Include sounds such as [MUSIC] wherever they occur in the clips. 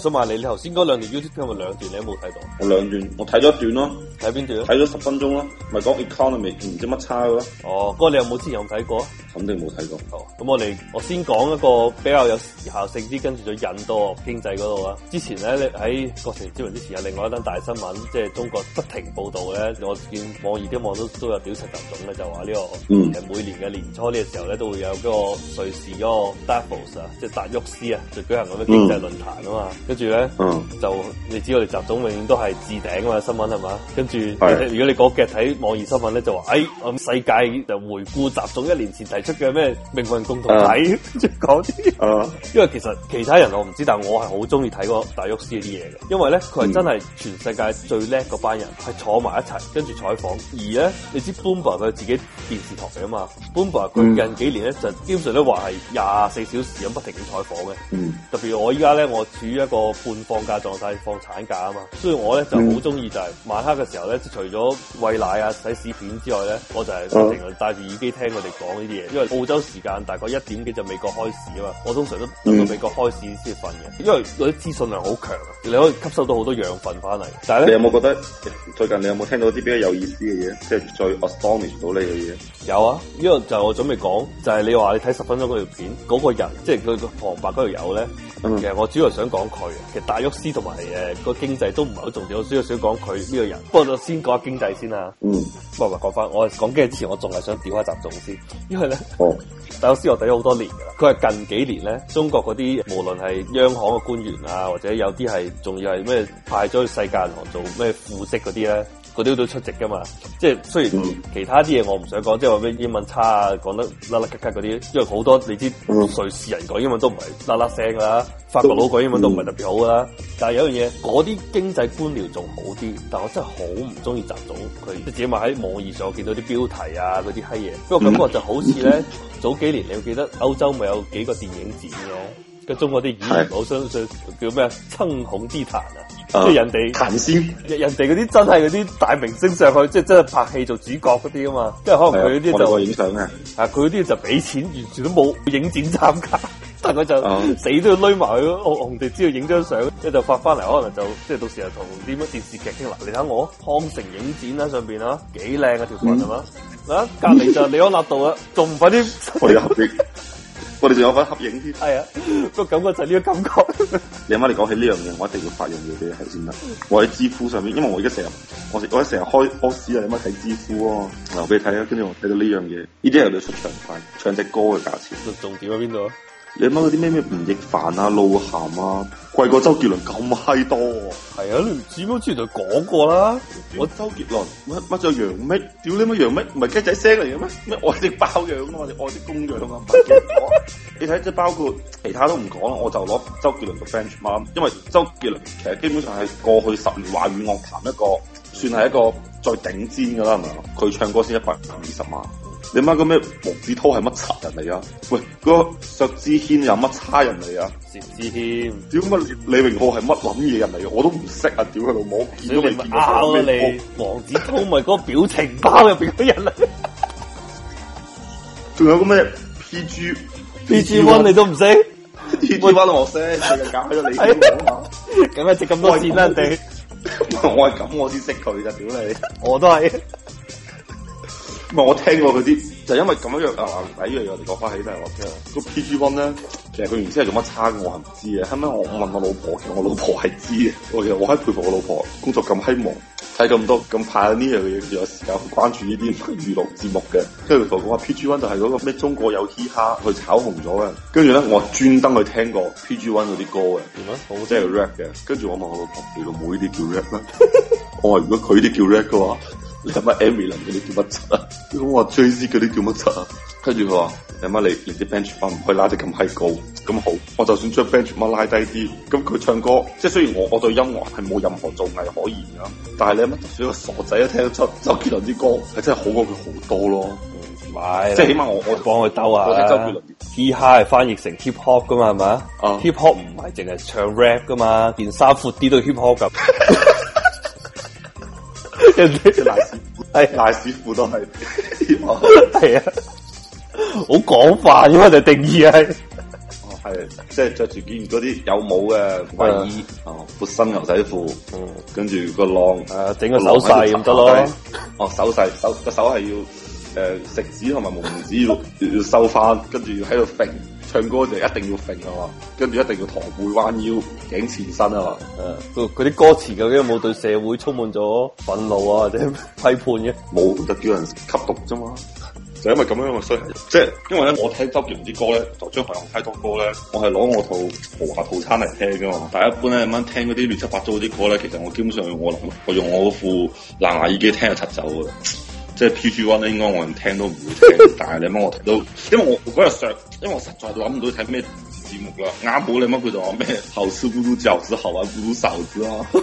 想問你，你頭先嗰兩段 YouTube 有兩段你有冇睇到？我兩段，我睇咗一段咯。睇邊段？睇咗十分鐘咯。咪講，那個、economy 唔知乜叉咯？哦，哥，你有冇之前有冇睇過啊？肯定冇睇過。咁，哦、我哋我先講一個比較有時效性啲，跟住就引到經濟嗰度啊。之前咧，喺國情之喚之前，有另外一單大新聞，即係中國不停報導咧。我見網易啲網都都有表出特種咧，就話呢，這個、嗯、每年嘅年初呢個時候咧，都會有嗰個瑞士嗰個 Davos 啊，即係達沃斯啊，就舉行嗰啲經濟論壇啊嘛。跟住咧，uh-huh. 就你知我哋習總永遠都係置頂啊嘛，新聞係嘛。跟住如果你嗰嘅睇網易新聞咧，就話誒，我、哎嗯、世界就回顧習總一年前提出嘅咩命運共同體，即係講啲。因為其實其他人我唔知，但係我係好中意睇個達沃斯啲嘢嘅。因為咧，佢係真係全世界最叻嗰班人，係、uh-huh. 坐埋一齊跟住採訪。而咧，你知 Bloomberg 佢自己電視台啊嘛。Bloomberg 佢近幾年咧、uh-huh. 就經常都話係廿四小時咁不停咁採訪嘅。Uh-huh. 特別我依家咧，我處於一個。個半放假狀態，放產假啊嘛，所以我咧就好中意就係晚黑嘅時候咧，除咗餵奶啊、洗屎片之外咧，我就係成日戴住耳機聽佢哋講呢啲嘢，因為澳洲時間大概一點幾就美國開市啊嘛，我通常都等到美國開市先瞓嘅，因為嗰啲資訊量好強啊，你可以吸收到好多養分翻嚟。但係咧，你有冇覺得最近你有冇聽到啲比較有意思嘅嘢，即係最 astonish 到你嘅嘢？有啊，呢個就係我準備講，就係你話你睇十分鐘嗰條片，嗰個人，即係佢個旁白嗰度有，咧，其實我主要係想講佢。其實大沃斯同埋誒個經濟都唔係好重要，所以我想講佢呢個人。不過我先講經濟先啦。嗯，唔係唔講翻，我講經濟之前，我仲係想點一下習總先，因為咧、嗯，大沃斯我睇咗好多年噶啦。佢係近幾年咧，中國嗰啲無論係央行嘅官員啊，或者有啲係仲要係咩派咗去世界銀行做咩副息嗰啲咧，嗰啲都出席噶嘛。即係雖然其他啲嘢我唔想講，即係話咩英文差啊，講得啦啦咳咳嗰啲，因為好多你知瑞士人講英文都唔係啦啦聲噶啦，法國佬講英文都唔係特。好啦，但係有樣嘢，嗰啲經濟官僚仲好啲，但我真係好唔中意集到佢。即係起碼喺網頁上見到啲標題啊，嗰啲閪嘢。不過感覺就好似咧， [LAUGHS] 早幾年你會記得歐洲咪有幾個電影展囉，跟中國啲演員，我相信叫咩？撐紅地毯啊，即係人哋。人哋嗰啲真係嗰啲大明星上去，即係真係拍戲做主角嗰啲啊嘛。即係可能佢嗰啲就影相嘅。佢嗰啲就俾錢，完全都冇影展參加。但佢就死都要匿埋佢，我、um, 哋地只要影張相，一就發翻嚟，可能就即係、就是、到時候同啲乜電視劇傾啦。你睇我康城影展啦，上邊啊幾靚啊條裙係嘛？嗱，隔籬就李安納度啊，仲唔、嗯、 [LAUGHS] 快啲？我哋合影， [LAUGHS] 我哋仲有份合影添。係啊， [LAUGHS] 那個感覺就呢個感覺。 [LAUGHS] 你阿媽你講起呢樣嘢，我一定要發樣嘢俾你睇先得。我喺知乎上面，因為我而家成日，我成我成日開公司啊，嗯、你媽睇知乎。嗱，俾你睇啊，跟住我睇到呢樣嘢，呢啲係你出場費，唱隻歌嘅價錢。重點喺邊度？你諗嗰啲咩咩吳亦凡啊、鹿晗啊，貴過周杰倫咁閪多、啊？係、嗯、啊，你唔知咩？之前就講過啦。我周杰倫乜乜就楊冪？屌你乜楊冪？唔係雞仔聲嚟嘅咩？咩愛迪包養我哋，愛迪供養啊。唔，你睇即包括其他都唔講，我就攞周杰倫做 benchmark，因為周杰倫其實基本上係過去十年華語樂壇一個算係一個最頂尖噶啦，係咪佢唱歌先一百五十萬。你媽個咩？黃子韜係乜差人嚟啊？喂，嗰個薛之謙又乜差人嚟啊？薛之謙，屌乜李榮浩係乜諗嘢人嚟？我都唔識啊！屌佢老母，見你見你明明明你黃子韜咪嗰個表情包入邊啲人嚟！仲 [LAUGHS] 有個咩 PG PG One 你都唔識？PG One 我識，你搞咗你咁 [LAUGHS] 多了 [LAUGHS] 啊！值咁多錢啦你， [LAUGHS] 你？我係咁，我先識佢咋？屌你！我都係。唔係我聽過佢啲，就係、因為咁樣樣啊，唔抵樣哋講翻起都係我聽。個 PG One 咧，其實佢原先係做乜差嘅，我係唔知嘅。後尾我問我老婆，其實我老婆係知嘅。我其實我係佩服我老婆，工作咁閪忙，睇咁多咁快呢樣嘢，仲有時間去關注呢啲娛樂節目嘅。跟住佢話：，PG One 就係嗰個咩中國有嘻哈去炒紅咗嘅。跟住咧，我專登去聽過 PG One 嗰啲歌嘅。點樣？我即係 rap 嘅。跟住我問我老婆：，你老母呢啲叫 rap 咩？ [LAUGHS] 我話：如果佢啲叫 rap 嘅話，你諗下 Eminem 嗰啲叫乜柒？咁 [LAUGHS] 我 JZ 嗰啲叫乜柒？跟住佢話：，你諗下你啲 benchmark 唔可以拉得咁 high 高，咁好，我就算將 benchmark 拉低啲。咁佢唱歌，即係雖然我我對音樂係冇任何造詣可言噶，但係你諗下，就算個傻仔都聽得出周杰倫啲歌係真係好過佢好多咯。唔係，即係起碼我我幫佢兜下啦。我周杰倫，嘻哈係翻譯成 hip hop 噶嘛，係咪啊、uh?？hip hop 唔係淨係唱 rap 噶嘛，件衫闊啲都 hip hop 咁。 [LAUGHS] 人哋啲賴屎褲，係賴屎褲、啊、都係，係、嗯、啊，好廣泛，因為就定義係，哦係，即係着住件嗰啲有帽嘅衛衣，哦，闊、啊就是嗯哦、身牛仔褲，嗯、跟住個浪，誒、啊，整個手勢咁得咯，啊、哦，手勢，手個手係要，誒、呃，食指同埋無名指要要收翻，跟住要喺度揈。唱歌就一定要揈啊嘛，跟住一定要駝背彎腰頸前伸啊嘛，誒、嗯，佢啲歌詞究竟有冇對社會充滿咗憤怒啊或者批判嘅？冇就叫人吸毒啫嘛， [LAUGHS] 就因為咁樣嘅衰，即係因為咧我聽周杰倫啲歌咧，就張學友太多歌咧，我係攞我套豪華套餐嚟聽噶嘛，但係一般咧咁樣聽嗰啲亂七八糟啲歌咧，其實我基本上用我我用我副藍牙耳機聽就插走啦。即係 P G One 應該我哋聽都唔會聽， [LAUGHS] 但係你乜我睇到，因為我嗰日上，因為我實在諗唔到睇咩電視節目啦。啱好你乜佢就話咩，好吃不如餃子，好玩不如嫂子啊！ [LAUGHS]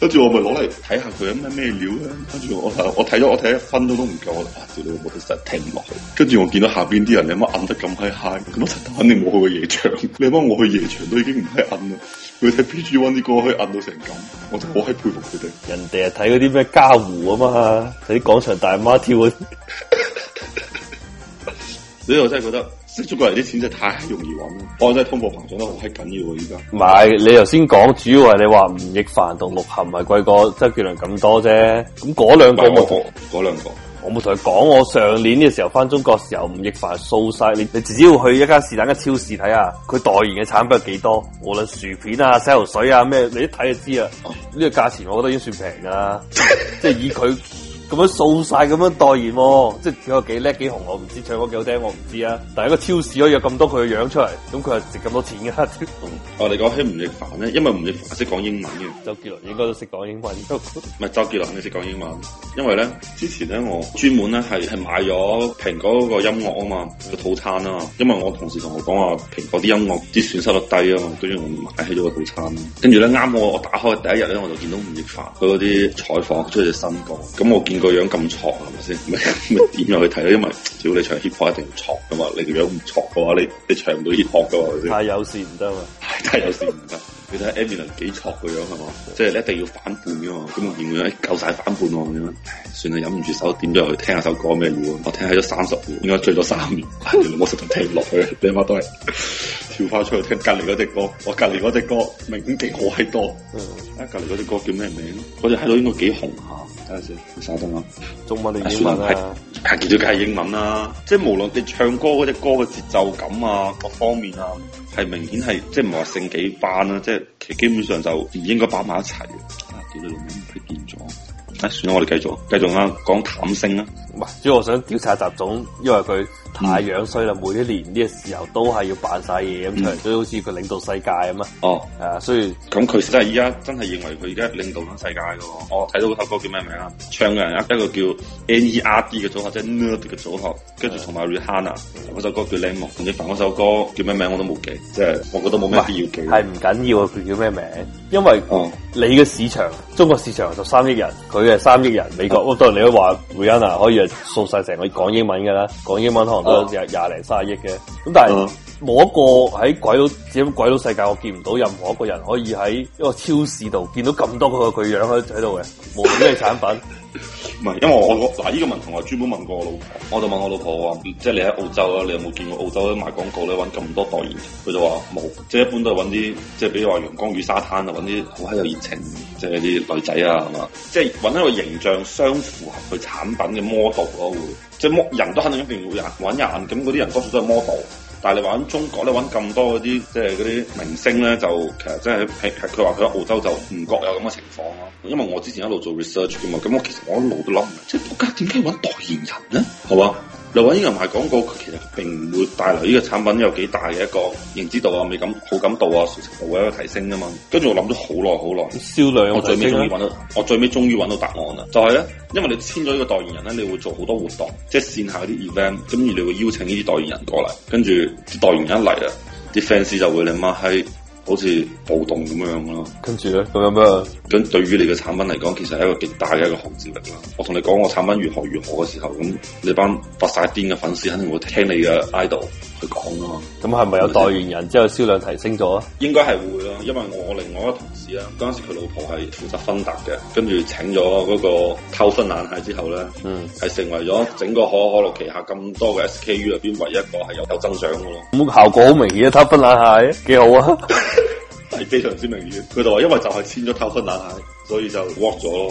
跟住我咪攞嚟睇下佢有咩咩料咧？跟住我我睇咗我睇一分鐘都唔夠，我啊屌你老母，我都實聽唔落去。跟住我見到下邊啲人你媽按得咁嗨嗨，咁我真係肯定冇去過夜場，你媽我去夜場都已經唔係按啦，佢睇 PG One 啲歌可以按到成咁，我就好係佩服佢哋。人哋係睇嗰啲咩家湖啊嘛，睇廣場大媽跳，啊，啲。所以我真係覺得。即係中國人啲錢真係太容易揾，我真係通貨膨脹得好緊要而家。唔係，你頭先講，主要係你話吳亦凡同鹿晗唔係貴過周杰倫咁多啫。咁嗰兩個，嗰兩個，我冇同佢講。我上年嘅時候翻中國時候，吳亦凡係掃晒。你你只要去一間是但嘅超市睇下，佢代言嘅產品有幾多？無論薯片啊、洗頭水啊咩，你一睇就知啊。呢個價錢我覺得已經算平噶，即 [LAUGHS] 係以佢。咁樣掃晒咁樣代言，即係佢有幾叻幾紅，我唔知；唱歌幾好聽，我唔知啊。但係一個超市可以有咁多佢嘅樣出嚟，咁佢係值咁多錢嘅。我哋講起吳亦凡咧，因為吳亦凡識講英文嘅。周杰倫應該都識講英文，唔係周杰倫 [LAUGHS] 你識講英文？因為咧之前咧我專門咧係係買咗蘋果嗰個音樂啊嘛個套餐啊，因為我同事同我講話蘋果啲音樂啲損失率低啊嘛，跟住我買起咗個套餐、啊。跟住咧啱我我打開第一日咧我就見到吳亦凡佢嗰啲採訪出嚟嘅新歌，咁我見。個樣咁挫係咪先？咪點入去睇咧？因為只要你唱 hip hop 一定要挫噶嘛，你個樣唔挫嘅話，你你唱唔到 hip hop 噶嘛。太友善唔得嘛！太友善唔得。 [LAUGHS] 你睇下 Eminem 幾挫嘅樣係嘛？ [LAUGHS] 即係你一定要反叛噶嘛。咁我見佢咧夠晒反叛喎咁樣，算啦，忍唔住手點咗入去聽下首歌咩料？我聽咗三十秒，應該追咗三年，我實在聽唔落去，變翻都係。跳翻出去聽隔籬嗰隻歌，隔歌明明我隔籬嗰隻歌明顯地可係多，嗯、啊隔籬嗰隻歌叫咩名？嗰隻喺度應該幾紅下，等陣先，稍等啊。中文定英文啊？係其叫做係英文啦、啊，即係無論你唱歌嗰隻歌嘅節奏感啊，各方面啊，係明顯係、嗯、即係唔係話剩幾班啦、啊，即係其基本上就唔應該擺埋一齊。點解咁唔見咗？啊，算啦，我哋繼續，繼續啦、啊，講淡聲啦。唔係，因為我想調查雜種，因為佢。太樣衰啦、嗯！每一年呢個時候都係要扮晒嘢咁，所、嗯、都好似佢領導世界咁啊。哦，誒、啊，所以咁佢真係依家真係認為佢而家領導緊世界噶喎、哦哦。我睇到嗰首歌叫咩名啊？唱嘅人一個叫 N.E.R.D 嘅組合，即、就、係、是、Nerd 嘅組合，跟住同埋 Rihanna 嗰首歌叫 Lemon、嗯《冷漠》，吳亦凡嗰首歌叫咩名字、嗯、我都冇記，即、嗯、係、就是、我覺得冇咩必要記的。係唔緊要佢叫咩名，因為、哦、你嘅市場中國市場十三億人，佢係三億人，美國。我、嗯、當然你都話 Rihanna 可以係掃晒成個講英文嘅啦，講英文可。咁都廿廿零卅億嘅，咁但係。啊冇一個喺鬼佬自己鬼佬世界，我見唔到任何一個人可以喺一個超市度見到咁多個佢樣喺度嘅，無論咩產品。唔 [LAUGHS] 係，因為我嗱呢、這個問題我專門問過我老婆，我就問我老婆話，即係你喺澳洲呀？你有冇見過澳洲咧賣廣告咧搵咁多代言？佢就話冇，即係一般都係搵啲即係比如話陽光與沙灘啊，搵啲好閪有熱情，即係啲女仔啊，係嘛？即係搵一個形象相符合佢產品嘅 model 咯，會即係 model 人都肯定一定要揾人，咁嗰啲人多數都係 model。但係你話喺中國咧，你揾咁多嗰啲即係嗰啲明星咧，就其實真係佢話佢喺澳洲就唔覺有咁嘅情況咯。因為我之前一路做 research 嘅嘛，咁我其實我一路都諗唔明，即係國家點解揾代言人咧？好啊。留偉呢賣廣告，其實並唔會帶來呢個產品有幾大嘅一個認知度啊、未感好感度啊、熟悉度嘅一個提升㗎嘛。跟住我諗咗好耐，好耐、銷量啊，我最尾終於揾到，我最尾終於揾到答案啦。就係、是、咧，因為你簽咗呢個代言人咧，你會做好多活動，即係線下嗰啲 event，咁而你會邀請呢啲代言人過嚟，跟住代言人一嚟啊，啲 fans 就會你媽閪。好似暴動咁樣咯，跟住咧，咁有咩？咁對於你嘅產品嚟講，其實係一個極大嘅一個號召力啦。我同你講，我產品如何如何嘅時候，咁你班發晒癲嘅粉絲肯定會聽你嘅 idol。佢講啊，咁係咪有代言人之後銷量提升咗啊？應該係會咯，因為我另外一個同事啊，嗰陣時佢老婆係負責芬達嘅，跟住請咗嗰個偷分冷蟹之後咧，嗯，係成為咗整個可口可樂旗下咁多嘅 SKU 入邊唯一一個係有有增長嘅咯。咁、嗯、效果好明顯啊，偷分冷蟹幾好啊，係非常之明顯。佢就話因為就係簽咗偷分冷蟹，所以就 work 咗咯。